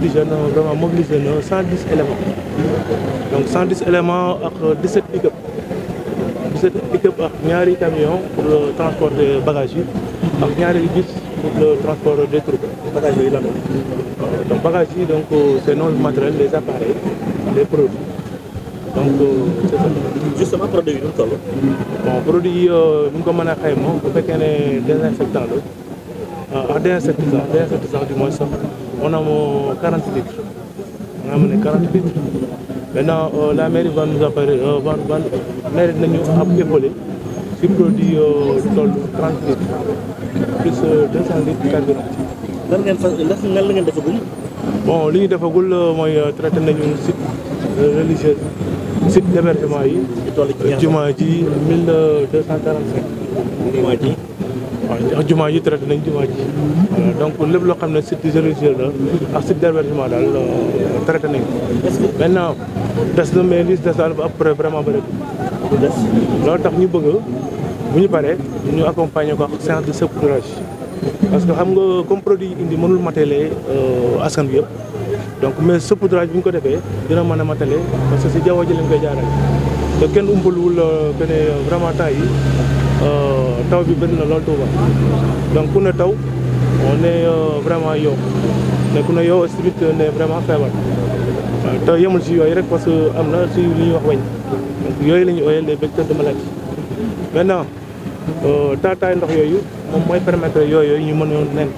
obligé na vraiment mobilisé na 110 éléments donc 110 éléments ak 17 pick-up pick-up ak ñaari camion pour le transport des bagages yi ak ñaari bus pour le transport des troupes bagages yooyu la donc bagages yi donc euh, c'est non matériel les appareils les produits donc euh, c'est ça. produit yi nu mu produit yi euh, nu mu ko mën a xayma bu fekkee ne désinfectant la ah désinsectisant désinsectisant du moins on a 40 litres. On a amené 40 la mairie va nous appeler, euh, va, va, mairie nous épauler qui produit euh, 30 litres, plus 200 euh, litres de carburant. lan ngeen fa lan la ngeen defagul. bon li ñu defagul euh, mooy euh, traité nañu site religieux site d'hébergement yi. ci toolu jumaa ji jumaa ji 1245. jumaa ji. waaw jumaa yi traité nañ jumaa ji voilà euh, donc lépp loo xam ne site religieux la ak site d'hébergement daal euh, traité nañ ko maintenant des na mais liste des daal ba après vraiment bëri loolu tax ñu bëgg bu ñu paree ñu accompagner ko ak séance de saupoudrage parce que xam nga comme produit indi mënul matale euh, askan bi yëpp donc mais saupoudrage bi ñu ko defee dina mën a matale parce que si jaww ji lañ koy jaarale te kenn umpaluwul que ne vraiment temps yi taw bi bëri na lool Touba donc ku ne taw on ne euh, vraiment yow ne ku ne yow aussi tamit euh, ne vraiment feebar waaw euh, te yemul si yooyu rek parce que am na si li ñuy wax weñ donc yooyu la ñuy ooyee les vecteurs de maladie maintenant taataay ndox yooyu moom mooy permettre yooyu ñu mën a nen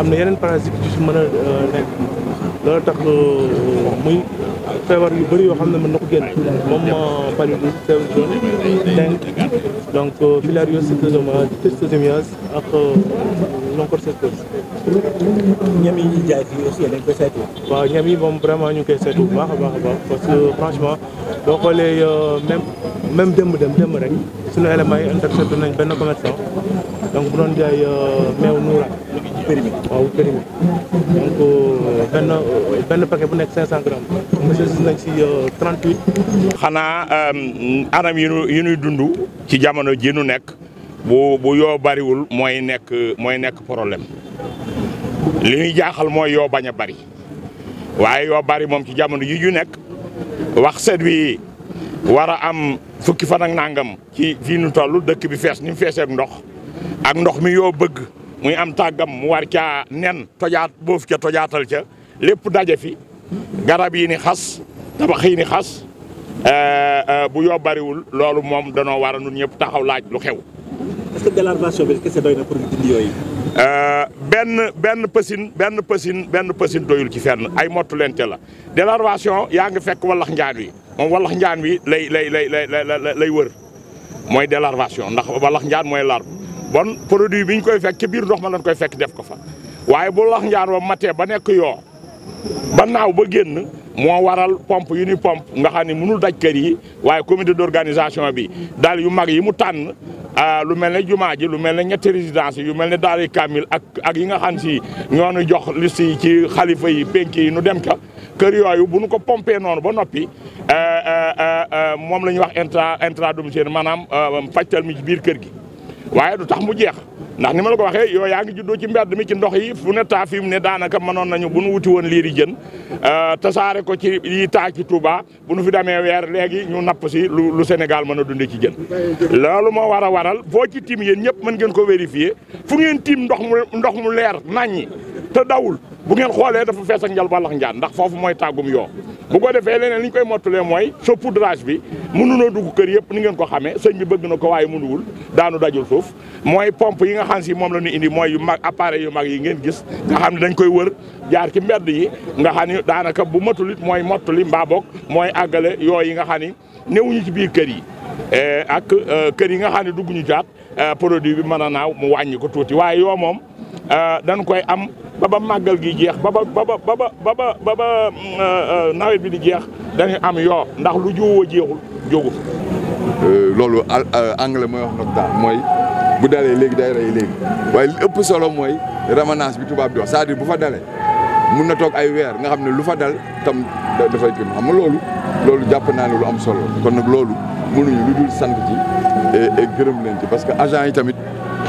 am na yeneen parasites yu si mën a nen dana tax euh, muy feebar yu bëri yoo xam ne mën na ko génn moom moo paludisme fièvre jaune dengue donc euh, filariose, cyclosomiase, schistosomiase ak euh, l'encorseteuse ñam yi ñuy jaay fii aussi waaw ñam yi moom vraiment ñu ngi koy saytu bu baax a baax a baax parce que franchement boo xoolee euh, même même démb dem démb rek suñu éléments yi intercepté nañ benn commerçant donc bu doon jaay euh, meew nuura périmé waaw donc euh, benn benn bu nekk 500 grammes monsieur nañ si 38 xanaa anam yu ñu yu dund ci jamono ji nu nekk bu bu yoo bariwul mooy nekk mooy nekk problème li ñuy jaaxal mooy yoo bañ a bari waaye yoo bari moom ci jamono yi ñu nekk wax set wi war a am fukki fan ak nangam ci fii nu toll dëkk bi fees ni mu feesee ndox ak ndox mi yoo bëgg muy am tàggam mu war caa nen tojaat boof ca tojaatal ca lépp daje fi garab yi ni xas tabax yi ni xas euh, euh, bu yoo bariwul loolu moom danoo war a ñëpp taxaw laaj lu xew est-ce que galvanisation bi kese euh, benn benn pësin benn pësin benn pësin doyul ci fenn ay mottu la délarvation yaa ngi fekk wallax njaan wi moom wallax njaan wi lay lay lay lay lay wër mooy délarvation ndax wallax njaan mooy larve bon produit bi ñu koy fekk ci biir ndox ma lañ koy fekk def ko fa waaye bu wallax njaan wa matee ba nekk yoo ba naaw ba génn moo waral pompe yu ni pompe nga xam ne mënul daj kër yi waaye comité d'organisation bi daal yu mag yi mu tànn Ah, lu mel ne jumaa ji lu mel ne ñetti résidence yu mel ne daari kamil ak ak yi nga xam si ñoonu jox liste yi ci xalifa yi penk yi nu dem ka kër yooyu bu nu ko pompe noonu ba noppi eh, eh, eh, moom la ñuy wax intra intra domicile maanaam fajtal mi ci biir kër gi waaye du tax mu jeex ndax ni ma la ko waxee yow yaa ngi juddoo ci mbedd mi ci ndox yi fu ne taa fi mu ne daanaka mënoon nañu bu nu wuti woon liiri jën euh, tasaare ko ci yi taa ci Touba bu nu fi demee weer léegi ñu napp si lu lu Sénégal mën a dundee ci jën. loolu moo war a waral foo ci tim yéen ñëpp mën ngeen ko vérifier fu ngeen tim ndox mu ndox mu leer naññi te dawul. bu ngeen xoolee dafa fees ak njal balax njaan ndax foofu mooy tàggum yoo bu ko defee leneen li ñu koy mottalee mooy saupoudrage bi mënunoo dugg kër yëpp ni ngeen ko xamee sëñ bi bëgg na ko waaye mënuwul daanu dajul suuf mooy pomp yi nga xam si moom la ñu indi mooy yu mag appareil yu mag yi ngeen gis nga dañ koy wër jaar ci mbedd yi nga xam ni daanaka bu matulit mooy mottali mbaa mooy àggale yoo yi nga xam ni newuñu ci biir kër yi eh, ak euh, kër yi nga xam ne dugguñu jaat euh, produit bi mën a naaw mu wàññi ko tuuti waaye yoo moom euh, dañ koy am ba ba màggal gi jeex ba ba ba ba ba ba ba euh, euh, nawet bi di jeex dañuy am yoo ndax lu jiwoo jeexul jógu euh, loolu anglais mooy wax nag daal mooy bu dalee léegi day rey léegi waaye li ëpp solo mooy ramanage bi tubaab jox wax bu fa dalee mun na toog ay weer nga xam ne lu fa dal tam dafay gën xam nga loolu loolu jàpp naa ne lu am solo kon nag loolu mënuñu lu dul sant ci et gërëm leen ci parce que agent yi tamit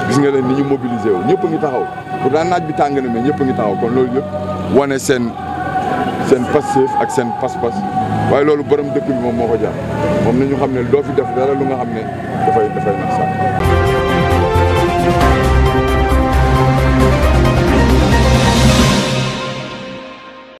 gis nga leen ni ñu mobilisé wu ñëpp ngi taxaw pourtant naaj bi tàng na mais ñëpp ngi taxaw kon loolu yëpp wane seen seen passif ak seen pas-pas waaye loolu borom dëkk bi moom moo ko jaar moom na ñu xam ne doo fi def dara lu nga xam ne dafay dafay nax sax